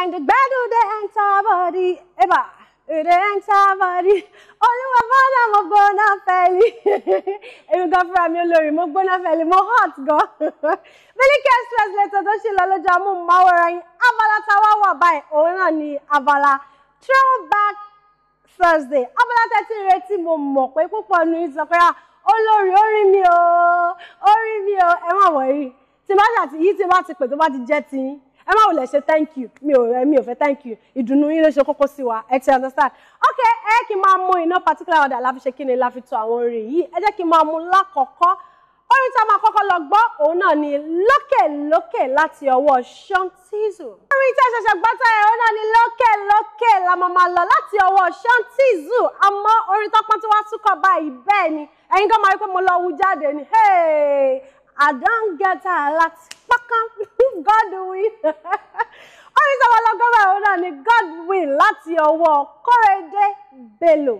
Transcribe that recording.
When bad battle they enter body, eba, it enter body. Olúwa bọ́dà mo gbóná fẹ́lí. Èmi gan fúnra mi olórí mo gbóná fẹ́lí mo hot gan. Miliki Express lẹ́tọ̀ tó ṣe lọ lójú amóhùnmáwòrán yín. Abala Avala wà báyìí, òun náà ni avala. throwback Thursday. Abala tẹ́tí retí mo mọ̀ pé púpọ̀ nu ìsọ̀kẹ́ra olórí orí mi o, orí mi o, ẹ má wọ̀ yìí. Tí bá ṣàtìyí tí bá ti pè tó bá ti jẹ́ tiyín ẹ má wulẹ̀ ṣe thank you mi ò mi ò fẹ́ thank you ìdùnnú yín ló ṣe kókó sí wa ẹ ti understand ok ẹ kí n máa mú iná particular order la fi ṣe kí ni la fi to àwọn orin yìí ẹ jẹ́ kí n máa mú lákọ̀ọ́kọ́ orin tá a máa kọ́kọ́ lọ gbọ́ òun náà ni lókè lókè láti ọwọ́ Sean Tizzle orin tí a ṣẹ̀ṣẹ̀ gbọ́ tá ẹ̀ òun náà ni lókè lókè la máa máa lọ láti ọwọ́ Sean Tizzle àmọ́ orin tọ́pọ́n tí wọ́n túkọ̀ báyìí bẹ́ẹ̀ ni ẹ̀yin kan máa rí pé mo lọ wu jáde ni hey I don get her láti pákán orí orí sọ́wọ́ lọ́gọ́rọ̀ òun náà ni God will láti ọwọ́ Kọ́rẹ́dé Bello